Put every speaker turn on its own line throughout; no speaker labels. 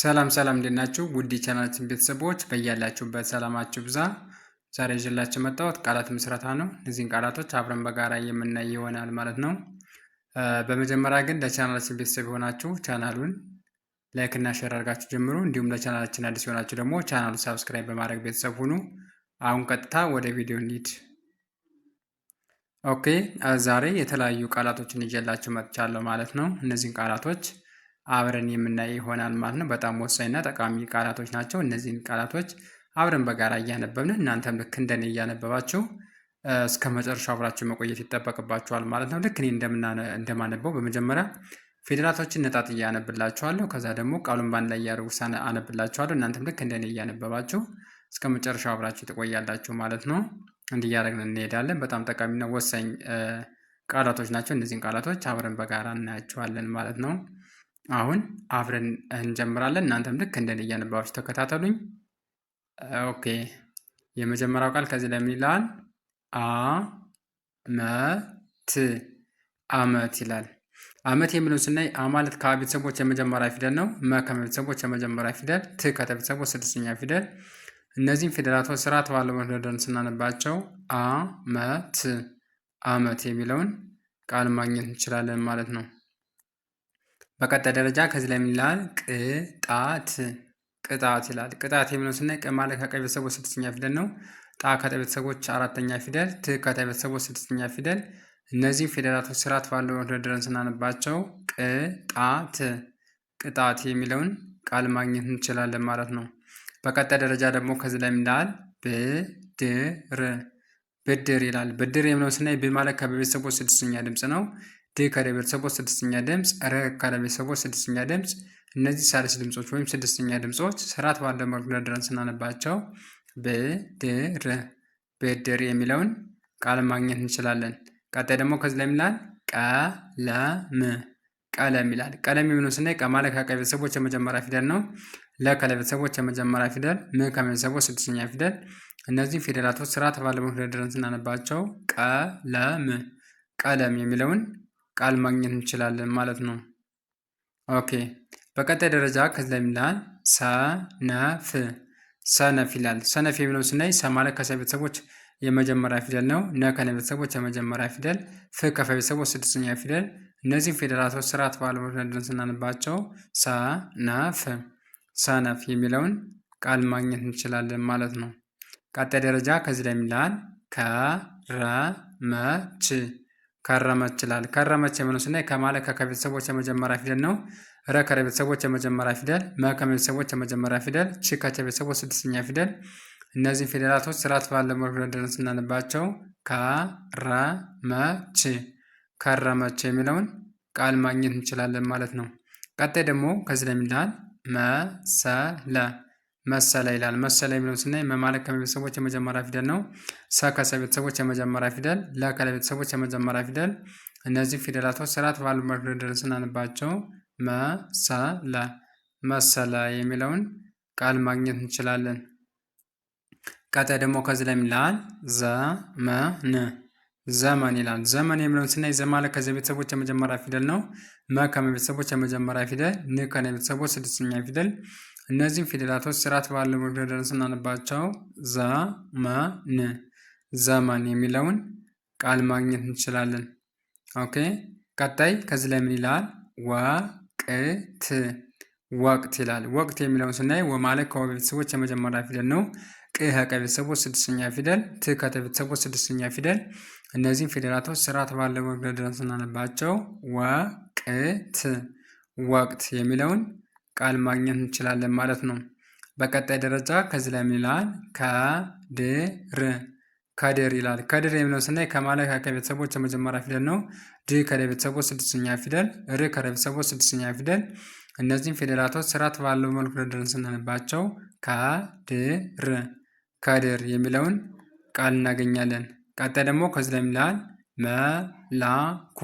ሰላም ሰላም እንዴት ናችሁ? ውድ የቻናላችን ቤተሰቦች በያላችሁበት ሰላማችሁ ብዛ። ዛሬ ይዤላችሁ መጣሁት ቃላት ምስረታ ነው። እነዚህን ቃላቶች አብረን በጋራ የምናይ ይሆናል ማለት ነው። በመጀመሪያ ግን ለቻናላችን ቤተሰብ የሆናችሁ ቻናሉን ላይክ እና ሼር አድርጋችሁ ጀምሩ። እንዲሁም ለቻናላችን አዲስ የሆናችሁ ደግሞ ቻናሉን ሳብስክራይብ በማድረግ ቤተሰብ ሁኑ። አሁን ቀጥታ ወደ ቪዲዮ እንሂድ። ኦኬ ዛሬ የተለያዩ ቃላቶችን ይዤላችሁ መጥቻለሁ ማለት ነው። እነዚህን ቃላቶች አብረን የምናይ ይሆናል ማለት ነው። በጣም ወሳኝና ጠቃሚ ቃላቶች ናቸው። እነዚህን ቃላቶች አብረን በጋራ እያነበብን እናንተም ልክ እንደኔ እያነበባችሁ እስከ መጨረሻው አብራችሁ መቆየት ይጠበቅባችኋል ማለት ነው። ልክ እኔ እንደማነበው በመጀመሪያ ፊደላቶችን ነጣጥ እያነብላችኋለሁ፣ ከዛ ደግሞ ቃሉን ባንድ ላይ እያደረጉ አነብላችኋለሁ። እናንተም ልክ እንደኔ እያነበባችሁ እስከ መጨረሻ አብራችሁ ትቆያላችሁ ማለት ነው። እንዲያደረግን እንሄዳለን። በጣም ጠቃሚና ወሳኝ ቃላቶች ናቸው። እነዚህን ቃላቶች አብረን በጋራ እናያቸዋለን ማለት ነው። አሁን አብረን እንጀምራለን። እናንተም ልክ እንደኔ እያነባችሁ ተከታተሉኝ። ኦኬ የመጀመሪያው ቃል ከዚህ ላይ ምን ይላል? አመት አመት ይላል። አመት የሚለውን ስናይ አ ማለት ከቤተሰቦች የመጀመሪያ ፊደል ነው። መ ከቤተሰቦች የመጀመሪያ ፊደል፣ ት ከቤተሰቦች ስድስተኛ ፊደል። እነዚህም ፊደላቶች ስርዓት ባለ መደደን ስናነባቸው አመት አመት የሚለውን ቃል ማግኘት እንችላለን ማለት ነው። በቀጣይ ደረጃ ከዚህ ላይ ምን ይላል? ቅጣት ቅጣት ይላል። ቅጣት የሚለው ስናይ ቀ ማለት ከቀ ቤተሰቦች ስድስተኛ ፊደል ነው። ጣ ከጠ ቤተሰቦች አራተኛ ፊደል፣ ት ከተ ቤተሰቦች ስድስተኛ ፊደል። እነዚህ ፊደላቶች ስርዓት ባለው ወደደረን ስናነባቸው ቅጣት ቅጣት የሚለውን ቃል ማግኘት እንችላለን ማለት ነው። በቀጣይ ደረጃ ደግሞ ከዚህ ላይ ምን ይላል? ብድር ብድር ይላል። ብድር የሚለውን ስናይ ብ ማለት ከቤተሰቦች ስድስተኛ ድምፅ ነው። ዴ ካለ ቤተሰቦች ስድስተኛ ድምፅ፣ ረ ካለ ቤተሰቦች ስድስተኛ ድምፅ። እነዚህ ሳልስ ድምፆች ወይም ስድስተኛ ድምፆች ስርዓት ባለው መልኩ ደርድረን ስናነባቸው ብድር ብድር የሚለውን ቃል ማግኘት እንችላለን። ቀጣይ ደግሞ ከዚህ ላይ የሚላል ቀለም ቀለም ይላል። ቀለም የሚሆነው ስናይ ቀማለ ከቀ ቤተሰቦች የመጀመሪያ ፊደል ነው። ለከለ ቤተሰቦች የመጀመሪያ ፊደል፣ ም ከቤተሰቦች ስድስተኛ ፊደል። እነዚህ ፊደላቶች ስርዓት ባለው መልኩ ደርድረን ስናነባቸው ቀለም ቀለም የሚለውን ቃል ማግኘት እንችላለን ማለት ነው። ኦኬ በቀጣይ ደረጃ ከዚህ ላይ ምላል ሰነፍ ሰነፍ ይላል። ሰነፍ የሚለው ስናይ ሰ ማለት ከሰ ቤተሰቦች የመጀመሪያ ፊደል ነው። ነ ከነ ቤተሰቦች የመጀመሪያ ፊደል፣ ፍ ከፈ ቤተሰቦች ስድስተኛ ፊደል። እነዚህ ፊደላቶች ስርዓት ባለመድረን ስናንባቸው ሰነፍ ሰነፍ የሚለውን ቃል ማግኘት እንችላለን ማለት ነው። ቀጣይ ደረጃ ከዚህ ላይ ምላል ከረመች ከረመች ይላል። ከረመች የምነው ስናይ ከማለ ከቤተሰቦች የመጀመሪያ ፊደል ነው። ረ ከቤተሰቦች የመጀመሪያ ፊደል፣ መ ከቤተሰቦች የመጀመሪያ ፊደል፣ ቺ ከቤተሰቦች ስድስተኛ ፊደል። እነዚህ ፊደላቶች ስርዓት ባለ መልኩ ስናነባቸው ከረመች ከረመች የሚለውን ቃል ማግኘት እንችላለን ማለት ነው። ቀጣይ ደግሞ ከዚህ ላይ መሰለ መሰለ ይላል። መሰለ የሚለውን ስናይ መማለት ከቤተሰቦች የመጀመሪያ ፊደል ነው። ሰ ከሰ ቤተሰቦች የመጀመሪያ ፊደል፣ ለ ከለ ቤተሰቦች የመጀመሪያ ፊደል። እነዚህ ፊደላቶች ስርዓት ባሉ መደርደር ስናንባቸው መሰለ መሰለ የሚለውን ቃል ማግኘት እንችላለን። ቀጣይ ደግሞ ከዚህ ላይ ይላል ዘመን ዘመን ይላል። ዘመን የሚለውን ስናይ ዘማለ ከዚ ቤተሰቦች የመጀመሪያ ፊደል ነው። መ ከመ ቤተሰቦች የመጀመሪያ ፊደል፣ ን ከነ ቤተሰቦች ስድስተኛ ፊደል እነዚህም ፊደላቶች ስርዓት ባለው መግደደር ስናነባቸው ዘመን ዘመን የሚለውን ቃል ማግኘት እንችላለን። ኦኬ ቀጣይ ከዚህ ላይ ምን ይላል? ወቅት ወቅት ይላል። ወቅት የሚለውን ስናይ ወ ማለት ከወ ቤተሰቦች የመጀመሪያ ፊደል ነው። ቅ ከቀ ቤተሰቦች ስድስተኛ ፊደል፣ ት ከተ ቤተሰቦች ስድስተኛ ፊደል። እነዚህም ፊደላቶች ስርዓት ባለው መግደደር ስናነባቸው ወቅት ወቅት የሚለውን ቃል ማግኘት እንችላለን ማለት ነው። በቀጣይ ደረጃ ከዚህ ላይ ምን ይላል? ከድር ከድር ይላል። ከድር የሚለው ስናይ ከማለካ ከቤተሰቦች የመጀመሪያ ፊደል ነው። ድ ከደ ቤተሰቦች ስድስተኛ ፊደል፣ ር ከረ ቤተሰቦች ስድስተኛ ፊደል። እነዚህም ፊደላቶች ስርዓት ባለው መልኩ ደርድረን ስናነባቸው ከድር ከድር የሚለውን ቃል እናገኛለን። ቀጣይ ደግሞ ከዚህ ላይ ምን ይላል? መላኩ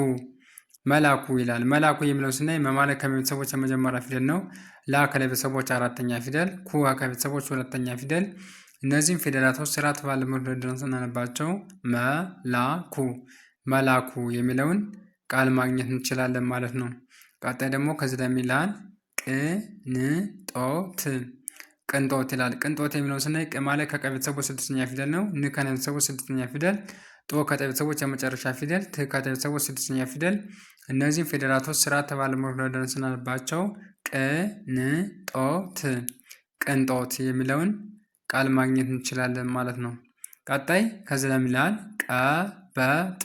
መላኩ ይላል። መላኩ የሚለው ስናይ መማለክ ከቤተሰቦች የመጀመሪያ ፊደል ነው። ላ ከለቤተሰቦች አራተኛ ፊደል፣ ኩ ከቤተሰቦች ሁለተኛ ፊደል። እነዚህም ፊደላቶች ስርዓት ባለ መልኩ ደርድረን ስናነባቸው መላኩ መላኩ የሚለውን ቃል ማግኘት እንችላለን ማለት ነው። ቀጣይ ደግሞ ከዚህ ለሚላል ቅንጦት ቅንጦት ይላል። ቅንጦት የሚለው ስናይ ቅ ማለት ከቀ ቤተሰቦች ስድስተኛ ፊደል ነው። ን ከነ ቤተሰቦች ስድስተኛ ፊደል ጦ ከጠቤተሰቦች የመጨረሻ ፊደል፣ ት ከጠቤተሰቦች ስድስተኛ ፊደል። እነዚህም ፊደላቶች ስርዓተ ባለመልኩ ነው ስናነባቸው ቅንጦት ቅንጦት የሚለውን ቃል ማግኘት እንችላለን ማለት ነው። ቀጣይ ከዚህ ለም ይላል ቀበጥ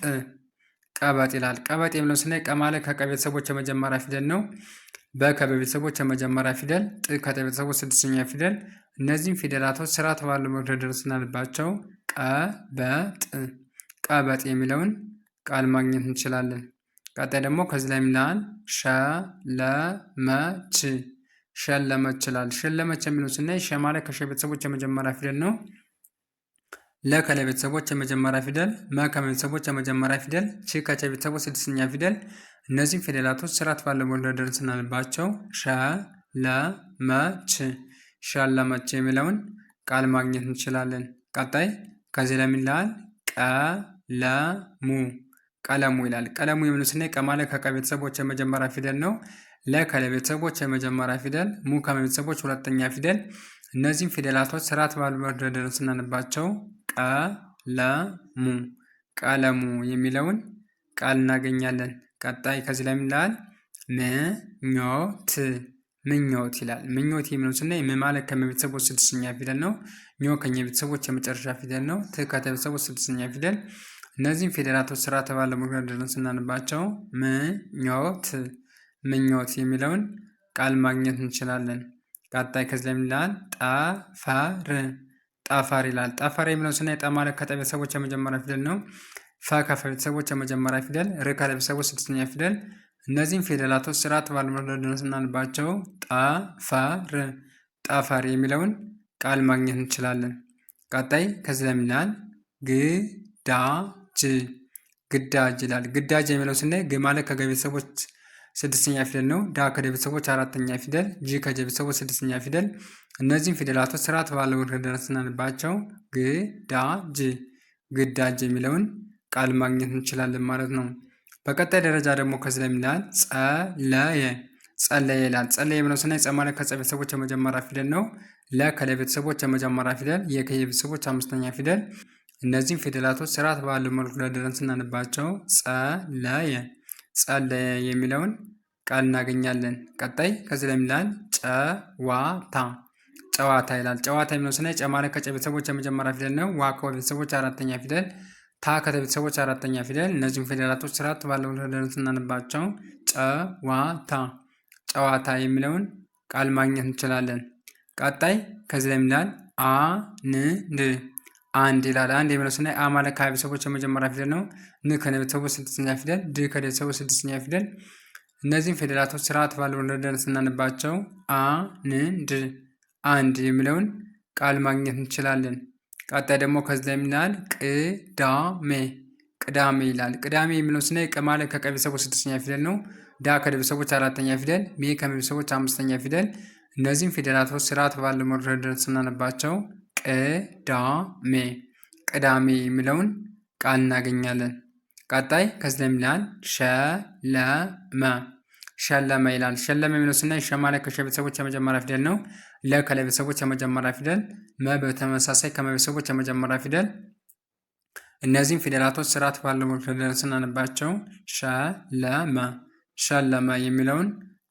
ቀበጥ ይላል። ቀበጥ የሚለውን ስናይ ቀ ማለት ከቀ ቤተሰቦች የመጀመሪያ ፊደል ነው። በ ከበ ቤተሰቦች የመጀመሪያ ፊደል፣ ጥ ከጠ ቤተሰቦች ስድስተኛ ፊደል። እነዚህም ፊደላቶች ስርዓተ ባለመልኩ ነው ስናነባቸው ቀበጥ ቀበጥ የሚለውን ቃል ማግኘት እንችላለን። ቀጣይ ደግሞ ከዚህ ላይ የሚላል ሸለመች ሸለመች ይችላል። ሸለመች የሚለው ስናይ ሸ ማለት ከሸ ቤተሰቦች የመጀመሪያ ፊደል ነው። ለ ከለ ቤተሰቦች የመጀመሪያ ፊደል፣ መ ከመ ቤተሰቦች የመጀመሪያ ፊደል፣ ች ከቸ ቤተሰቦች ስድስተኛ ፊደል። እነዚህም ፊደላቶች ስርዓት ባለው መደርደር ስናነባቸው ሸለመች ሸለመች የሚለውን ቃል ማግኘት እንችላለን። ቀጣይ ከዚህ ላይ የሚላል ቀ ለሙ ቀለሙ ይላል። ቀለሙ የምን ስናይ ቀማለ ከቀ ቤተሰቦች የመጀመሪያ ፊደል ነው። ለከለ ቤተሰቦች የመጀመሪያ ፊደል፣ ሙ ቤተሰቦች ሁለተኛ ፊደል። እነዚህም ፊደላቶች ስርዓት ባሉ መደርደር ስናነባቸው ቀለሙ ቀለሙ የሚለውን ቃል እናገኛለን። ቀጣይ ከዚህ ላይ ምንላል? ምኞት ምኞት ይላል። ምኞት የሚለው ስናይ ም ማለት ከመ ቤተሰቦች ስድስተኛ ፊደል ነው። ኞ ከኛ ቤተሰቦች የመጨረሻ ፊደል ነው። ት ከተ ቤተሰቦች ስድስተኛ ፊደል እነዚህም ፊደላቶች ስርዓተ ባለው ምክንያት ድረን ስናንባቸው ምኞት ምኞት የሚለውን ቃል ማግኘት እንችላለን። ቀጣይ ከዚህ ላይ ይላል ጣፋር ጣፋር ይላል። ጣፋር የሚለው ስና የጣ ማለት ከጠ ቤተሰቦች የመጀመሪያ ፊደል ነው። ፋ ከፈ ቤተሰቦች የመጀመሪያ ፊደል፣ ር ካለ ቤተሰቦች ስድስተኛ ፊደል። እነዚህም ፊደላቶች ስርዓት ባለው ምክንያት ድረን ስናንባቸው ጣፋር ጣፋር የሚለውን ቃል ማግኘት እንችላለን። ቀጣይ ከዚህ ላይ ይላል ግዳ ግዳጅ ይላል። ግዳጅ የሚለው ስናይ ግ ማለት ከገ ቤተሰቦች ስድስተኛ ፊደል ነው። ዳ ከደ ቤተሰቦች አራተኛ ፊደል፣ ጂ ከጀ ቤተሰቦች ስድስተኛ ፊደል። እነዚህም ፊደላቶች ስርዓት ባለው ደረስ ስናነባቸው ግዳጅ ግዳጅ የሚለውን ቃል ማግኘት እንችላለን ማለት ነው። በቀጣይ ደረጃ ደግሞ ከዚህ ላይ የሚላል ጸለየ ጸለየ ይላል። ጸለየ የሚለው ስናይ ጸ ማለት ከጸ ቤተሰቦች የመጀመሪያ ፊደል ነው። ለ ከለ ቤተሰቦች የመጀመሪያ ፊደል፣ የ ቤተሰቦች አምስተኛ ፊደል እነዚህም ፊደላቶች ስርዓት ባለው መልኩ ደርድረን ስናነባቸው ጸለየ ጸለየ የሚለውን ቃል እናገኛለን። ቀጣይ ከዚህ ላይ የሚላል ጨዋታ ጨዋታ ይላል። ጨዋታ የሚለው ስናይ ጨማሪ ከጨ ቤተሰቦች የመጀመሪያ ፊደል ነው። ዋ ከቤተሰቦች አራተኛ ፊደል፣ ታ ከተ ቤተሰቦች አራተኛ ፊደል። እነዚህም ፊደላቶች ስርዓት ባለው መልኩ ደርድረን ስናነባቸው ጨዋታ ጨዋታ የሚለውን ቃል ማግኘት እንችላለን። ቀጣይ ከዚህ ላይ የሚላል አንድ አንድ ይላል። አንድ የሚለው ስናይ አማ ለከቤተሰቦች የመጀመሪያ ፊደል ነው። ን ከነቤተሰቦች ስድስተኛ ፊደል፣ ድ ከቤተሰቦች ስድስተኛ ፊደል። እነዚህም ፊደላቶች ስርዓት ባለው ረደን ስናነባቸው አ ን ድ አንድ የሚለውን ቃል ማግኘት እንችላለን። ቀጣይ ደግሞ ከዚህ ላይ የምናል ቅዳሜ ቅዳሜ ይላል። ቅዳሜ የሚለው ስናይ ቀ ማለት ከቀ ቤተሰቦች ስድስተኛ ፊደል ነው። ዳ ከደ ቤተሰቦች አራተኛ ፊደል፣ ሜ ከመ ቤተሰቦች አምስተኛ ፊደል። እነዚህም ፊደላቶች ስርዓት ባለው ረደን ስናነባቸው ቅዳሜ ቅዳሜ የሚለውን ቃል እናገኛለን። ቀጣይ ከዚህ ላይ ይላል ሸለመ ሸለመ ይላል። ሸለመ የሚለው ስናይ ሸ ማለት ከሸ ቤተሰቦች የመጀመሪያ ፊደል ነው። ለ ከለ ቤተሰቦች የመጀመሪያ ፊደል፣ መ በተመሳሳይ ከመ ቤተሰቦች የመጀመሪያ ፊደል። እነዚህም ፊደላቶች ስርዓት ባለው ፊደል ስናነባቸው ሸለመ ሸለመ የሚለውን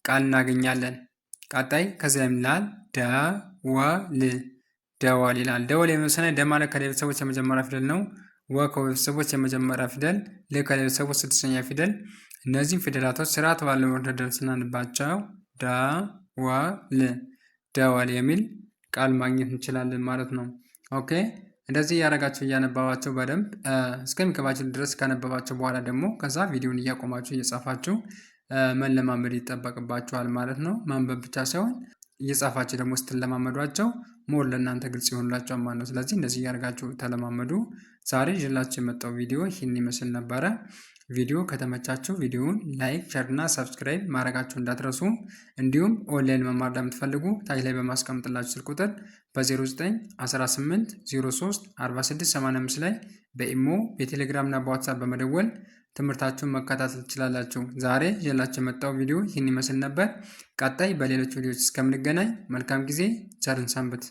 ቃል እናገኛለን። ቀጣይ ከዚህ ላይ ይላል ደወል ደወል ይላል። ደወል የሚለው ደማለ ደ የመጀመሪያ ፊደል ነው። ወ ከወ የመጀመሪያ ፊደል፣ ል ከለ ስድስተኛ ፊደል። እነዚህም ፊደላቶች ስርዓት ባለው መደርደር ስናነባቸው ደወል ደወል የሚል ቃል ማግኘት እንችላለን ማለት ነው። ኦኬ እንደዚህ እያደረጋቸው እያነበባቸው በደንብ እስከሚገባቸው ድረስ ካነበባቸው በኋላ ደግሞ ከዛ ቪዲዮን እያቆማችሁ እየጻፋችሁ መለማመድ ይጠበቅባችኋል ማለት ነው። ማንበብ ብቻ ሳይሆን እየጻፋችሁ ደግሞ ስትለማመዷቸው ሞር ለእናንተ ግልጽ ይሆኑላቸዋል ማለት ነው። ስለዚህ እንደዚህ እያደርጋችሁ ተለማመዱ። ዛሬ ይዤላችሁ የመጣው ቪዲዮ ይህን ይመስል ነበረ። ቪዲዮ ከተመቻችሁ ቪዲዮውን ላይክ፣ ሸር እና ሰብስክራይብ ማድረጋችሁ እንዳትረሱ። እንዲሁም ኦንላይን መማር ለምትፈልጉ ታች ላይ በማስቀምጥላችሁ ስልክ ቁጥር በ0918 03 4685 ላይ በኢሞ በቴሌግራም እና በዋትሳፕ በመደወል ትምህርታችሁን መከታተል ትችላላችሁ። ዛሬ ይዤላችሁ የመጣው ቪዲዮ ይህን ይመስል ነበር። ቀጣይ በሌሎች ቪዲዮዎች እስከምንገናኝ መልካም ጊዜ፣ ቸርን ሰንብት።